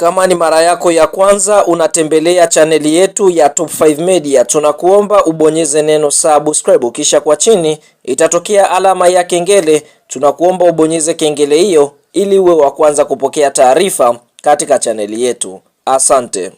Kama ni mara yako ya kwanza unatembelea chaneli yetu ya Top 5 Media, tunakuomba ubonyeze neno subscribe, kisha kwa chini itatokea alama ya kengele. Tunakuomba ubonyeze kengele hiyo ili uwe wa kwanza kupokea taarifa katika chaneli yetu. Asante.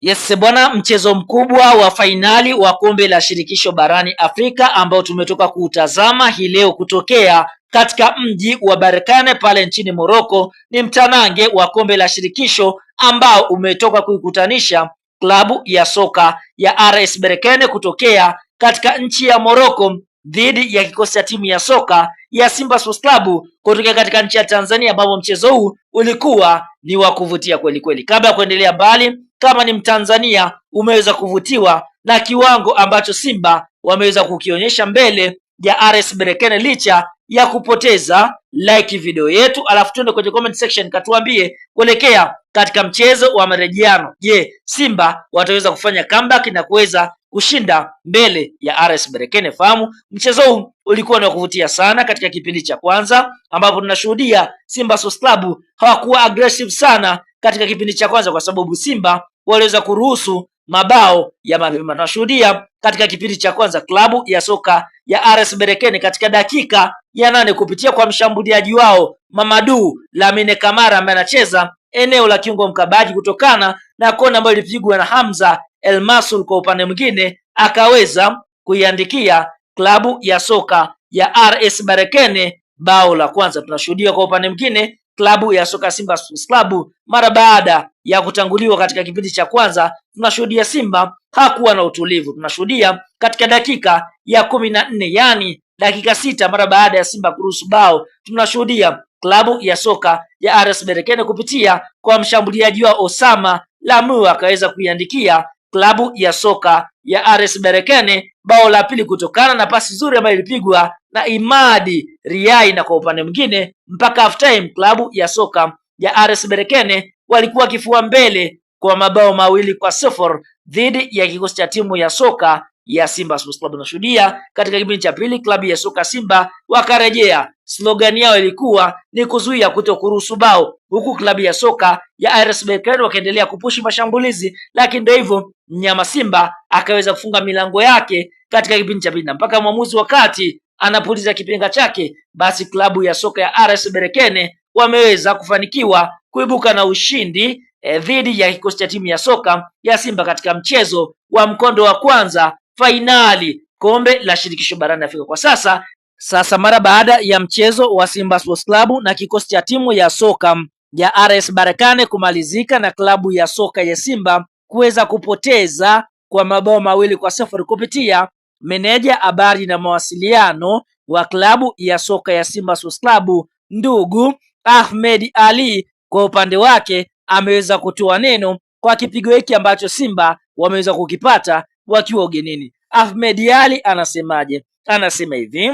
Yes bwana, mchezo mkubwa wa fainali wa kombe la shirikisho barani Afrika ambao tumetoka kuutazama hii leo kutokea katika mji wa Berkane pale nchini Morocco ni mtanange wa kombe la shirikisho ambao umetoka kuikutanisha klabu ya soka ya RS Berkane kutokea katika nchi ya Morocco dhidi ya kikosi cha timu ya soka ya Simba Sports Club kutokea katika nchi ya Tanzania, ambapo mchezo huu ulikuwa ni wa kuvutia kweli kweli. Kabla ya kuendelea mbali, kama ni Mtanzania umeweza kuvutiwa na kiwango ambacho Simba wameweza kukionyesha mbele ya RS Berkane licha ya kupoteza. Like video yetu, alafu tuende kwenye comment section katuambie kuelekea katika mchezo wa marejiano Je, Simba wataweza kufanya comeback na kuweza kushinda mbele ya RS Berkane? Fahamu mchezo huu ulikuwa ni wa kuvutia sana katika kipindi cha kwanza, ambapo tunashuhudia Simba Sports Club hawakuwa aggressive sana katika kipindi cha kwanza, kwa sababu Simba waliweza kuruhusu mabao ya mapema. Tunashuhudia katika kipindi cha kwanza klabu ya soka ya RS Berkane katika dakika ya nane kupitia kwa mshambuliaji wao Mamadu Lamine Kamara ambaye anacheza eneo la kiungo mkabaji kutokana na kona ambayo ilipigwa na Hamza El Masul, kwa upande mwingine akaweza kuiandikia klabu ya soka ya RS Berkane bao la kwanza. Tunashuhudia kwa upande mwingine klabu ya soka Simba Sports Club mara baada ya kutanguliwa katika kipindi cha kwanza, tunashuhudia Simba hakuwa na utulivu. Tunashuhudia katika dakika ya kumi na nne yaani dakika sita mara baada ya Simba kuruhusu bao, tunashuhudia klabu ya soka ya RS Berkane kupitia kwa mshambuliaji wa Osama Lamu akaweza kuiandikia klabu ya soka ya RS Berkane bao la pili kutokana na pasi nzuri ambayo ilipigwa na Imadi Riai, na kwa upande mwingine mpaka half time klabu ya soka ya RS Berekene walikuwa kifua mbele kwa mabao mawili kwa sifuri dhidi ya kikosi cha timu ya soka ya Simba Sports Club. Tunashuhudia katika kipindi cha pili klabu ya soka Simba wakarejea, slogan yao ilikuwa ni kuzuia kuto kuruhusu bao, huku klabu ya soka ya RS Berkane wakaendelea kupushi mashambulizi, lakini ndio hivyo, mnyama Simba akaweza kufunga milango yake katika kipindi cha pili, na mpaka mwamuzi wakati anapuliza kipenga chake, basi klabu ya soka ya RS berekene wameweza kufanikiwa kuibuka na ushindi eh, dhidi ya kikosi cha timu ya soka ya Simba katika mchezo wa mkondo wa kwanza fainali kombe la shirikisho barani Afrika. Kwa sasa sasa mara baada ya mchezo wa Simba Sports Club na kikosi cha timu ya soka ya RS Berkane kumalizika na klabu ya soka ya Simba kuweza kupoteza kwa mabao mawili kwa sifuri kupitia Meneja habari na mawasiliano wa klabu ya soka ya Simba Sports Club ndugu Ahmed Ali kwa upande wake ameweza kutoa neno kwa kipigo hiki ambacho Simba wameweza kukipata wakiwa ugenini. Ahmed Ali anasemaje? Anasema hivi,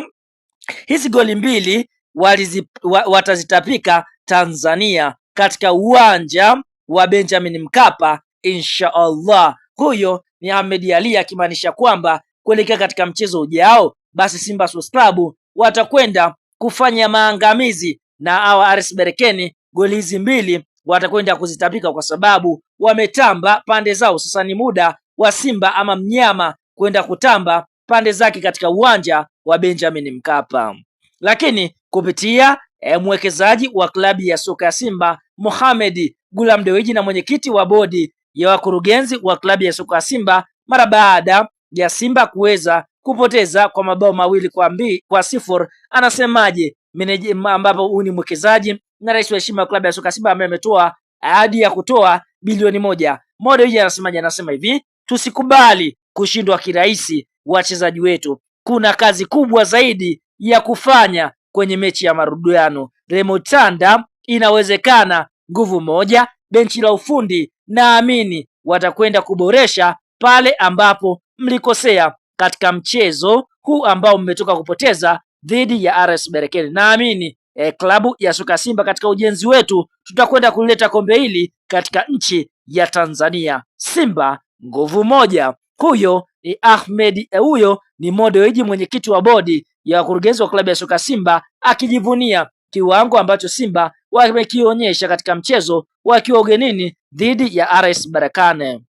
hizi goli mbili walizi, wa, watazitapika Tanzania katika uwanja wa Benjamin Mkapa insha Allah. Huyo ni Ahmed Ali akimaanisha kwamba kuelekea katika mchezo ujao, basi Simba Sports Club watakwenda kufanya maangamizi na hawa RS Berkane. Goli hizi mbili watakwenda kuzitabika kwa sababu wametamba pande zao. Sasa ni muda wa Simba ama mnyama kwenda kutamba pande zake katika uwanja wa Benjamin Mkapa. Lakini kupitia e, mwekezaji wa klabu ya soka ya Simba Mohamed Gulam na mwenyekiti wa bodi ya wakurugenzi wa klabu ya soka ya Simba mara baada ya Simba kuweza kupoteza kwa mabao mawili kwa mbi, kwa sifuri. Anasemaje meneja, ambapo huyu ni mwekezaji na rais wa heshima ya klabu ya soka Simba ambaye ametoa ahadi ya kutoa bilioni moja moja hii, anasemaje? Anasema hivi, tusikubali kushindwa kirahisi wachezaji wetu, kuna kazi kubwa zaidi ya kufanya kwenye mechi ya marudiano. Remotanda inawezekana, nguvu moja, benchi la ufundi, naamini watakwenda kuboresha pale ambapo mlikosea katika mchezo huu ambao mmetoka kupoteza dhidi ya RS Berkane. Naamini e, klabu ya soka Simba katika ujenzi wetu tutakwenda kulileta kombe hili katika nchi ya Tanzania. Simba nguvu moja. Huyo ni Ahmed, eh, huyo ni Modeweji, mwenyekiti wa bodi ya wakurugenzi wa klabu ya soka Simba, akijivunia kiwango ambacho Simba wamekionyesha katika mchezo wakiwa ugenini dhidi ya RS Berkane.